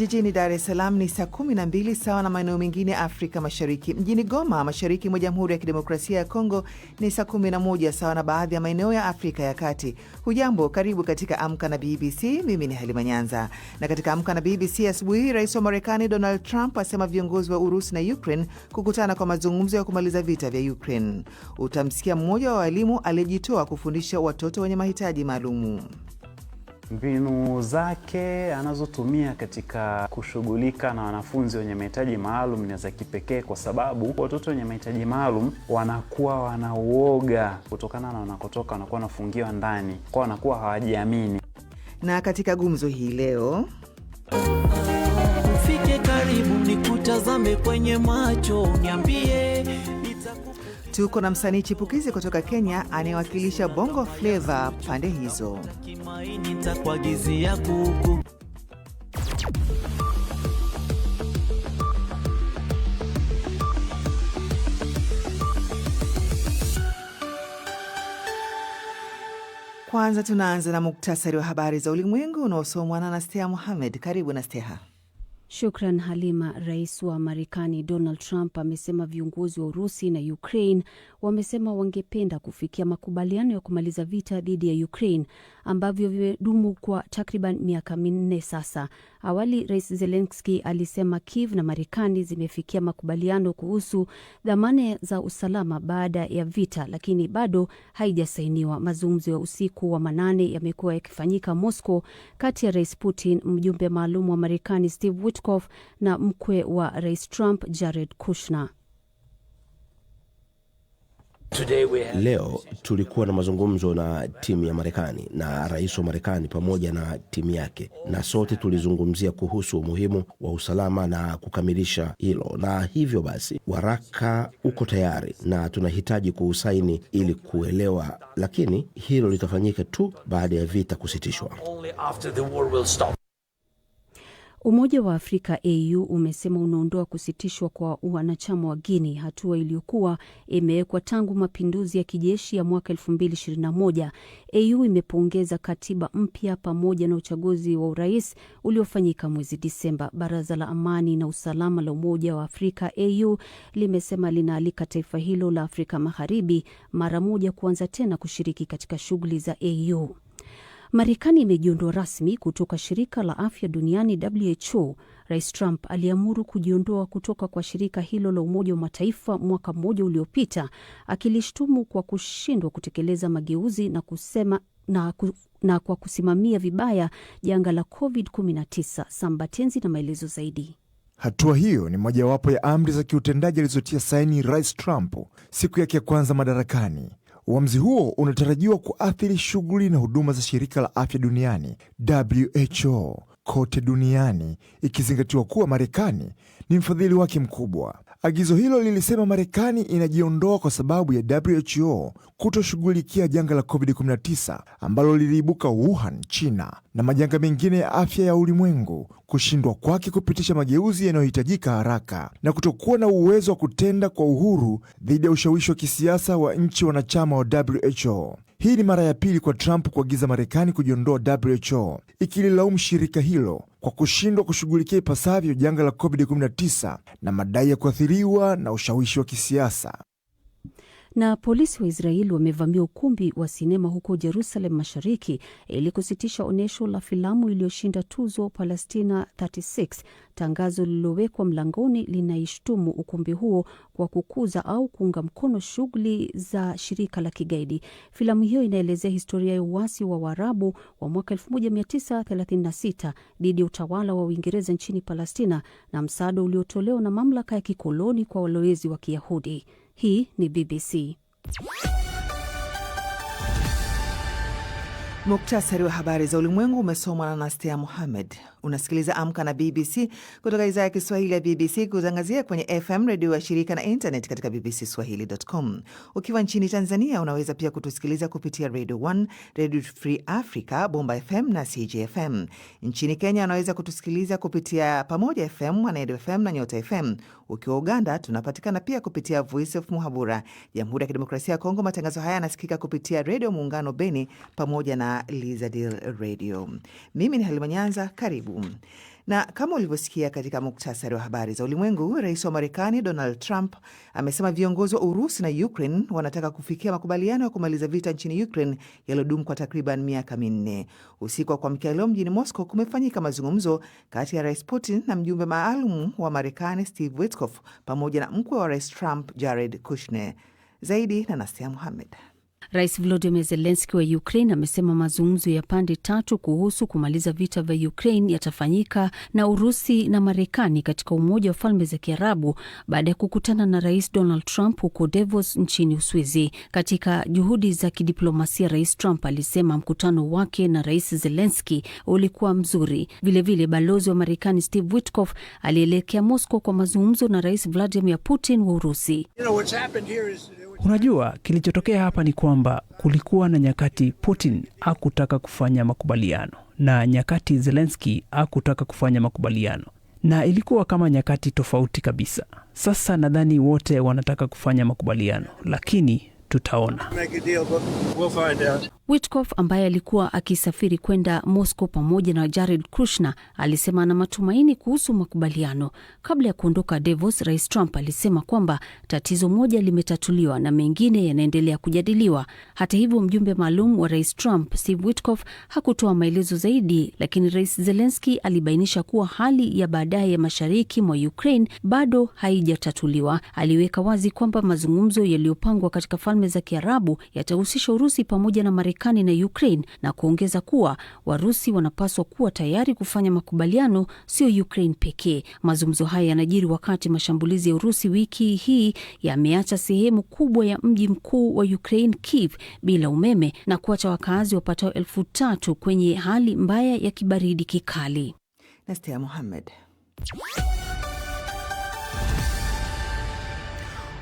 Jijini Dar es Salaam ni saa mbili sawa na maeneo mengine Afrika Mashariki. Mjini Goma, mashariki mwa Jamhuri ya Kidemokrasia ya Kongo ni saa 11 sawa na baadhi ya maeneo ya Afrika ya Kati. Hujambo, karibu katika Amka na BBC. Mimi ni Halima Nyanza, na katika Amka na BBC asubuhi hii, rais wa Marekani Donald Trump asema viongozi wa Urusi na Ukraine kukutana kwa mazungumzo ya kumaliza vita vya Ukraine. Utamsikia mmoja wa walimu aliyejitoa kufundisha watoto wenye mahitaji maalumu. Mbinu zake anazotumia katika kushughulika na wanafunzi wenye mahitaji maalum ni za kipekee, kwa sababu watoto wenye mahitaji maalum wanakuwa wanauoga kutokana na wanakotoka, wanakuwa wanafungiwa ndani kwa, wanakuwa hawajiamini. Na katika gumzo hii leo, ufike karibu nikutazame kwenye macho, niambie tuko na msanii chipukizi kutoka Kenya anayewakilisha bongo fleva pande hizo. Kwanza tunaanza na muktasari wa habari za ulimwengu unaosomwa na Nastea muhammed Karibu Nasteha. Shukran Halima. Rais wa Marekani Donald Trump amesema viongozi wa Urusi na Ukraine wamesema wangependa kufikia makubaliano ya kumaliza vita dhidi ya Ukraine ambavyo vimedumu kwa takriban miaka minne sasa. Awali Rais zelenski alisema Kiev na Marekani zimefikia makubaliano kuhusu dhamana za usalama baada ya vita, lakini bado haijasainiwa. Mazungumzo ya usiku wa manane yamekuwa yakifanyika Moscow kati ya Rais Putin, mjumbe maalum wa Marekani Steve Witkoff na mkwe wa Rais Trump Jared Kushner. Leo tulikuwa na mazungumzo na timu ya Marekani na rais wa Marekani pamoja na timu yake, na sote tulizungumzia kuhusu umuhimu wa usalama na kukamilisha hilo, na hivyo basi waraka uko tayari na tunahitaji kuusaini ili kuelewa, lakini hilo litafanyika tu baada ya vita kusitishwa. Umoja wa Afrika AU umesema unaondoa kusitishwa kwa wanachama wa Guini, hatua iliyokuwa imewekwa tangu mapinduzi ya kijeshi ya mwaka 2021. AU imepongeza katiba mpya pamoja na uchaguzi wa urais uliofanyika mwezi Disemba. Baraza la Amani na Usalama la Umoja wa Afrika AU limesema linaalika taifa hilo la Afrika Magharibi mara moja kuanza tena kushiriki katika shughuli za AU. Marekani imejiondoa rasmi kutoka shirika la afya duniani WHO. Rais Trump aliamuru kujiondoa kutoka kwa shirika hilo la Umoja wa Mataifa mwaka mmoja uliopita, akilishtumu kwa kushindwa kutekeleza mageuzi na kusema na ku, na kwa kusimamia vibaya janga la COVID-19. Sambatenzi na maelezo zaidi. Hatua hiyo ni mojawapo ya amri za kiutendaji alizotia saini Rais Trump siku yake ya kwanza madarakani Uamuzi huo unatarajiwa kuathiri shughuli na huduma za shirika la afya duniani WHO kote duniani, ikizingatiwa kuwa Marekani ni mfadhili wake mkubwa. Agizo hilo lilisema Marekani inajiondoa kwa sababu ya WHO kutoshughulikia janga la COVID-19 ambalo liliibuka Wuhan, China, na majanga mengine ya afya ya ulimwengu, kushindwa kwake kupitisha mageuzi yanayohitajika haraka na kutokuwa na uwezo wa kutenda kwa uhuru dhidi ya ushawishi wa kisiasa wa nchi wanachama wa WHO. Hii ni mara ya pili kwa Trump kuagiza Marekani kujiondoa WHO, ikililaumu shirika hilo kwa kushindwa kushughulikia ipasavyo janga la COVID-19 na madai ya kuathiriwa na ushawishi wa kisiasa. Na polisi wa Israeli wamevamia ukumbi wa sinema huko Jerusalem Mashariki ili kusitisha onyesho la filamu iliyoshinda tuzo Palestina 36. Tangazo lililowekwa mlangoni linaishtumu ukumbi huo kwa kukuza au kuunga mkono shughuli za shirika la kigaidi. Filamu hiyo inaelezea historia ya uasi wa Waarabu wa mwaka 1936 dhidi ya utawala wa Uingereza nchini Palestina na msaada uliotolewa na mamlaka ya kikoloni kwa walowezi wa Kiyahudi. Hii ni BBC. Muktasari wa habari za ulimwengu umesomwa na Nastia muhammed Unasikiliza Amka na BBC kutoka idhaa ya Kiswahili ya BBC kutangazia kwenye FM redio ya shirika na internet katika BBC Swahili.com. Ukiwa nchini Tanzania unaweza pia kutusikiliza kupitia Radio 1, Radio Free Africa, Bomba FM na CGFM. Nchini Kenya unaweza kutusikiliza kupitia Pamoja FM, Mwanaedu FM na Nyota FM. Ukiwa Uganda tunapatikana pia kupitia Voice of Muhabura. Jamhuri ya Kidemokrasia ya Kongo, matangazo haya yanasikika kupitia Redio Muungano Beni pamoja na Lizadil Radio. Mimi ni Halima Nyanza, karibu karibu. Na kama ulivyosikia katika muktasari wa habari za ulimwengu, rais wa Marekani Donald Trump amesema viongozi wa Urusi na Ukraine wanataka kufikia makubaliano ya kumaliza vita nchini Ukraine yaliyodumu kwa takriban miaka minne. Usiku wa kuamkia leo mjini Moscow kumefanyika mazungumzo kati ya rais Putin na mjumbe maalum wa Marekani Steve Witkoff pamoja na mkwe wa rais Trump Jared Kushner. Zaidi na Nasia Muhamed. Rais Volodymyr Zelensky wa Ukraine amesema mazungumzo ya pande tatu kuhusu kumaliza vita vya Ukraine yatafanyika na Urusi na Marekani katika Umoja wa Falme za Kiarabu baada ya kukutana na Rais Donald Trump huko Davos nchini Uswizi. Katika juhudi za kidiplomasia, Rais Trump alisema mkutano wake na Rais Zelensky ulikuwa mzuri. Vilevile vile, balozi wa Marekani Steve Witkoff alielekea Moscow kwa mazungumzo na Rais Vladimir Putin wa Urusi. you know, Unajua, kilichotokea hapa ni kwamba kulikuwa na nyakati Putin hakutaka kufanya makubaliano na nyakati Zelenski hakutaka kufanya makubaliano, na ilikuwa kama nyakati tofauti kabisa. Sasa nadhani wote wanataka kufanya makubaliano, lakini tutaona. Witkoff ambaye alikuwa akisafiri kwenda Moscow pamoja na Jared Kushner alisema ana matumaini kuhusu makubaliano. Kabla ya kuondoka Davos, Rais Trump alisema kwamba tatizo moja limetatuliwa na mengine yanaendelea kujadiliwa. Hata hivyo, mjumbe maalum wa Rais Trump Steve Witkoff hakutoa maelezo zaidi, lakini Rais zelenski alibainisha kuwa hali ya baadaye ya mashariki mwa Ukraine bado haijatatuliwa. Aliweka wazi kwamba mazungumzo yaliyopangwa katika Falme za Kiarabu yatahusisha Urusi pamoja na Marekani Marekani na Ukraine na kuongeza kuwa Warusi wanapaswa kuwa tayari kufanya makubaliano, sio Ukraine pekee. Mazungumzo haya yanajiri wakati mashambulizi ya Urusi wiki hii yameacha sehemu kubwa ya mji mkuu wa Ukraine Kiev bila umeme na kuacha wakazi wapatao elfu tatu kwenye hali mbaya ya kibaridi kikali. Nastia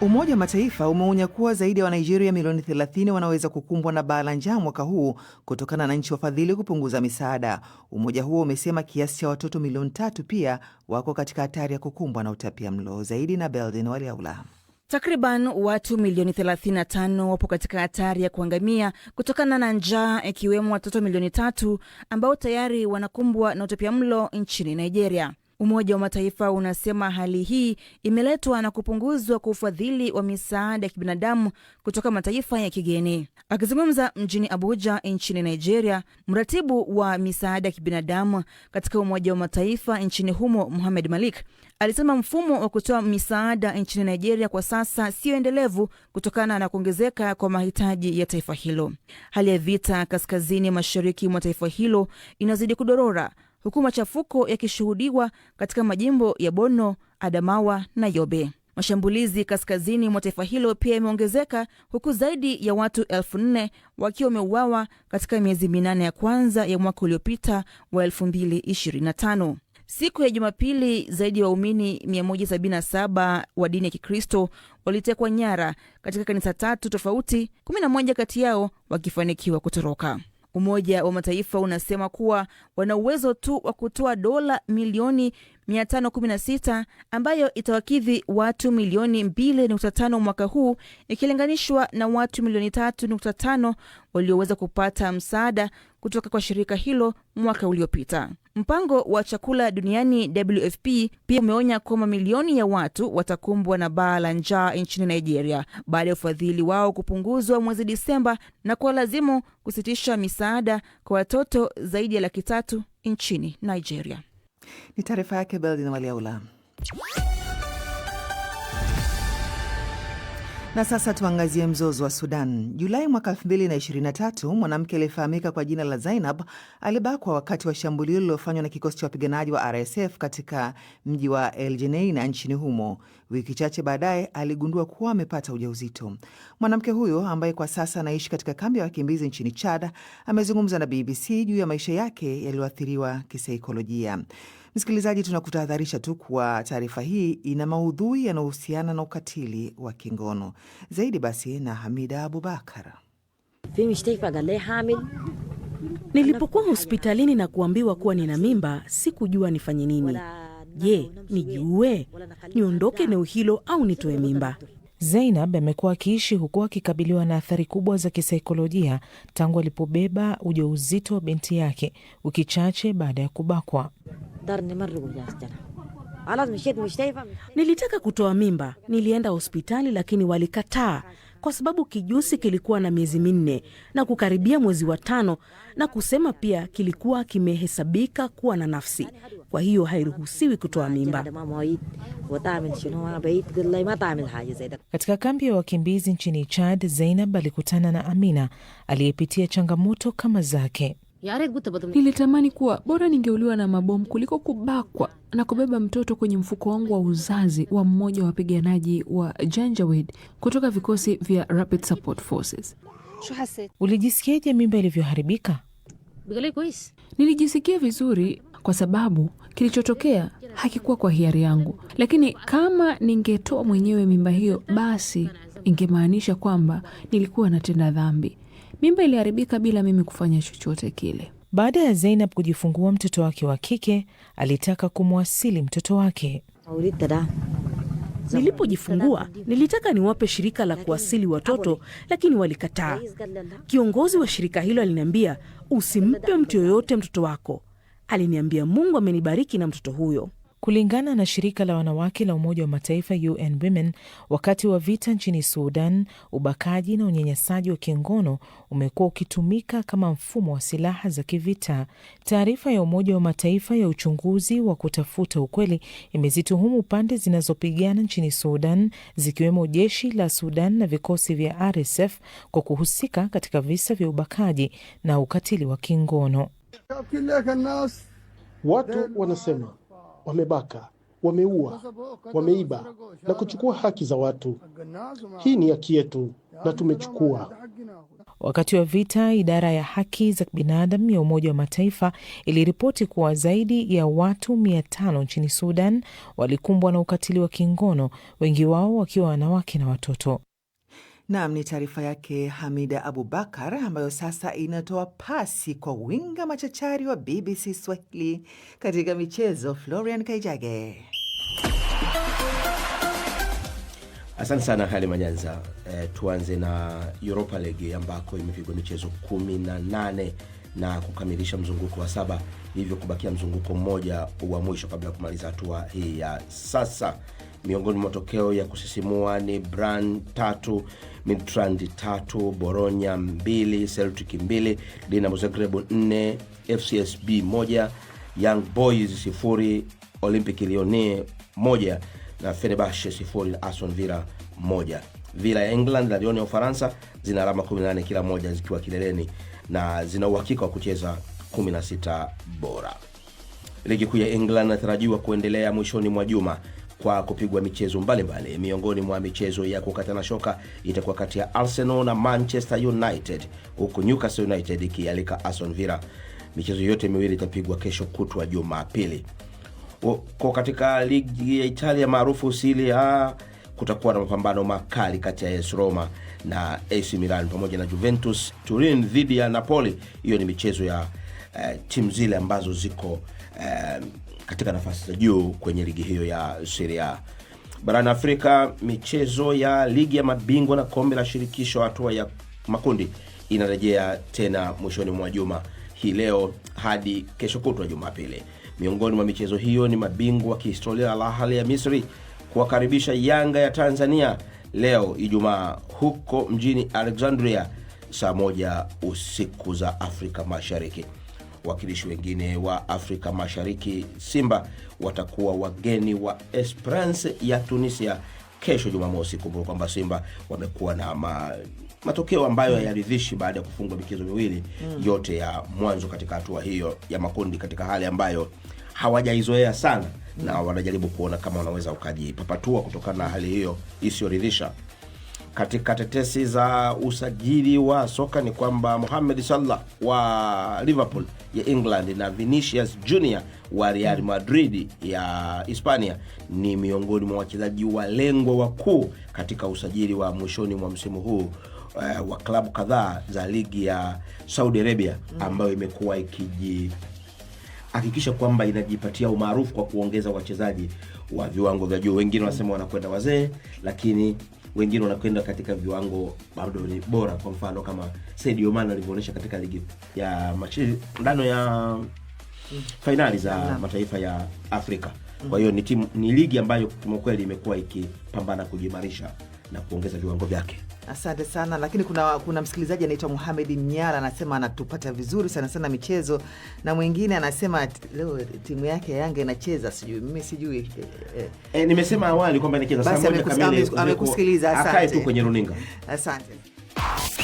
Umoja wa Mataifa umeonya kuwa zaidi ya wa Wanigeria milioni 30 wanaweza kukumbwa na baa la njaa mwaka huu kutokana na nchi wafadhili kupunguza misaada. Umoja huo umesema kiasi cha watoto milioni tatu pia wako katika hatari ya kukumbwa na utapia mlo. Zaidi na Beldin Waliaula. Takriban watu milioni 35 wapo katika hatari ya kuangamia kutokana na njaa, ikiwemo watoto milioni tatu ambao tayari wanakumbwa na utapia mlo nchini Nigeria. Umoja wa Mataifa unasema hali hii imeletwa na kupunguzwa kwa ufadhili wa misaada ya kibinadamu kutoka mataifa ya kigeni. Akizungumza mjini Abuja nchini Nigeria, mratibu wa misaada ya kibinadamu katika Umoja wa Mataifa nchini humo Muhamed Malik alisema mfumo wa kutoa misaada nchini Nigeria kwa sasa siyo endelevu kutokana na kuongezeka kwa mahitaji ya taifa hilo. Hali ya vita kaskazini mashariki mwa taifa hilo inazidi kudorora huku machafuko yakishuhudiwa katika majimbo ya bono Adamawa na Yobe. Mashambulizi kaskazini mwa taifa hilo pia yameongezeka huku zaidi ya watu elfu nne wakiwa wameuawa katika miezi minane ya kwanza ya mwaka uliopita wa 225 Siku ya Jumapili, zaidi ya wa waumini 177 wa dini ya Kikristo walitekwa nyara katika kanisa tatu tofauti, 11 kati yao wakifanikiwa kutoroka. Umoja wa Mataifa unasema kuwa wana uwezo tu wa kutoa dola milioni 516 ambayo itawakidhi watu milioni 2.5 mwaka huu ikilinganishwa na watu milioni 3.5 walioweza kupata msaada kutoka kwa shirika hilo mwaka uliopita. Mpango wa chakula duniani WFP pia umeonya kuwa mamilioni ya watu watakumbwa na baa la njaa nchini Nigeria baada ya ufadhili wao kupunguzwa mwezi Disemba na kuwa lazimu kusitisha misaada kwa watoto zaidi ya lakitatu nchini Nigeria. Ni taarifa yake Beldin Waliaula. Na sasa tuangazie mzozo wa Sudan. Julai mwaka 2023 mwanamke aliyefahamika kwa jina la Zainab alibakwa wakati wa shambulio lililofanywa na kikosi cha wapiganaji wa RSF katika mji wa El Geneina nchini humo. Wiki chache baadaye aligundua kuwa amepata ujauzito. Mwanamke huyo ambaye kwa sasa anaishi katika kambi ya wakimbizi nchini Chad amezungumza na BBC juu ya maisha yake yaliyoathiriwa kisaikolojia. Msikilizaji, tunakutahadharisha tu kuwa taarifa hii ina maudhui yanayohusiana na ukatili wa kingono. Zaidi basi na Hamida Abubakar. Nilipokuwa hospitalini na kuambiwa kuwa nina mimba, sikujua nifanye nini. Je, nijiue, niondoke eneo hilo au nitoe mimba? Zainab amekuwa akiishi huku akikabiliwa na athari kubwa za kisaikolojia tangu alipobeba ujauzito wa binti yake wiki chache baada ya kubakwa. Nilitaka kutoa mimba, nilienda hospitali lakini walikataa kwa sababu kijusi kilikuwa na miezi minne na kukaribia mwezi wa tano, na kusema pia kilikuwa kimehesabika kuwa na nafsi, kwa hiyo hairuhusiwi kutoa mimba. Katika kambi ya wakimbizi nchini Chad, Zainab alikutana na Amina aliyepitia changamoto kama zake. Nilitamani kuwa bora ningeuliwa na mabomu kuliko kubakwa na kubeba mtoto kwenye mfuko wangu wa uzazi wa mmoja wa wapiganaji wa Janjaweed kutoka vikosi vya Rapid Support Forces. Ulijisikiaje mimba ilivyoharibika? Nilijisikia vizuri kwa sababu kilichotokea hakikuwa kwa hiari yangu, lakini kama ningetoa mwenyewe mimba hiyo, basi ingemaanisha kwamba nilikuwa natenda dhambi. Mimba iliharibika bila mimi kufanya chochote kile. Baada ya zeinab kujifungua mtoto wake wa kike, alitaka kumwasili mtoto wake. Nilipojifungua nilitaka niwape shirika la kuwasili watoto, lakini walikataa. Kiongozi wa shirika hilo aliniambia usimpe mtu yoyote mtoto wako. Aliniambia Mungu amenibariki na mtoto huyo. Kulingana na shirika la wanawake la Umoja wa Mataifa UN Women, wakati wa vita nchini Sudan, ubakaji na unyanyasaji wa kingono umekuwa ukitumika kama mfumo wa silaha za kivita. Taarifa ya Umoja wa Mataifa ya uchunguzi wa kutafuta ukweli imezituhumu pande zinazopigana nchini Sudan, zikiwemo jeshi la Sudan na vikosi vya RSF kwa kuhusika katika visa vya ubakaji na ukatili wa kingono. Watu wanasema wamebaka, wameua, wameiba na kuchukua haki za watu. Hii ni haki yetu na tumechukua. Wakati wa vita, idara ya haki za binadamu ya Umoja wa Mataifa iliripoti kuwa zaidi ya watu mia tano nchini Sudan walikumbwa na ukatili wa kingono, wengi wao wakiwa wanawake na watoto. Nam ni taarifa yake Hamida Abubakar ambayo sasa inatoa pasi kwa winga machachari wa BBC Swahili katika michezo, Florian Kaijage. Asante sana Halima Nyanza. E, tuanze na Europa League ambako imepigwa michezo 18 na kukamilisha mzunguko wa saba, hivyo kubakia mzunguko mmoja wa mwisho kabla ya kumaliza hatua hii ya sasa. Miongoni mwa matokeo ya kusisimua ni bran tatu Midtrand 3, Boronya 2 Celtic 2 Dinamo Zagreb 4 FCSB 1, Young Boys 0, Olympic Lyon 1 na Fenerbahce 0 na Aston Villa 1. Villa ya England na Lyon ya Ufaransa zina alama 18 kila moja zikiwa kileleni na zina uhakika wa kucheza 16 bora. Ligi kuu ya England inatarajiwa kuendelea mwishoni mwa juma kwa kupigwa michezo mbalimbali. Miongoni mwa michezo ya kukatana shoka itakuwa kati ya Arsenal na Manchester United, huku Newcastle United ikialika Aston Villa. Michezo yote miwili itapigwa kesho kutwa Jumapili. ko katika ligi ya Italia maarufu Serie kutakuwa na mapambano makali kati ya es Roma na AC Milan pamoja na Juventus Turin dhidi ya Napoli. Hiyo ni michezo ya uh, timu zile ambazo ziko uh, katika nafasi za juu kwenye ligi hiyo ya Serie A. Barani Afrika, michezo ya ligi ya mabingwa na kombe la shirikisho hatua ya makundi inarejea tena mwishoni mwa juma hii leo hadi kesho kutwa Jumapili. Miongoni mwa michezo hiyo ni mabingwa wa kihistoria Al Ahly ya Misri kuwakaribisha Yanga ya Tanzania leo Ijumaa huko mjini Alexandria saa moja usiku za Afrika Mashariki. Wakilishi wengine wa Afrika Mashariki Simba watakuwa wageni wa Esperance ya Tunisia kesho Jumamosi. Kumbuka kwamba Simba wamekuwa na ma matokeo ambayo hayaridhishi mm. baada ya kufungwa michezo miwili mm. yote ya mwanzo katika hatua hiyo ya makundi katika hali ambayo hawajaizoea sana mm. na wanajaribu kuona kama wanaweza ukajipapatua kutokana na hali hiyo isiyoridhisha katika tetesi za usajili wa soka ni kwamba Mohamed Salah wa Liverpool ya England na Vinicius Junior wa Real Madrid ya Hispania ni miongoni mwa wachezaji walengwa wakuu katika usajili wa mwishoni mwa msimu huu uh, wa klabu kadhaa za ligi ya Saudi Arabia ambayo imekuwa ikiji hakikisha kwamba inajipatia umaarufu kwa kuongeza wachezaji wa viwango vya juu. Wengine wanasema wanakwenda wazee, lakini wengine wanakwenda katika viwango bado ni bora, kwa mfano kama Sadio Mane alivyoonyesha katika ligi ya mashindano ya fainali za mataifa ya Afrika. Kwa hiyo ni timu, ni ligi ambayo kweli imekuwa ikipambana kujimarisha na kuongeza viwango vyake. Asante sana, lakini kuna, kuna msikilizaji anaitwa Muhamed Mnyara anasema anatupata vizuri sana sana michezo, na mwingine anasema leo timu yake Yanga inacheza, sijui mimi sijui eh, eh. E, nimesema awali kwamba inacheza, amekusikiliza. Asante, akae tu kwenye runinga. Asante.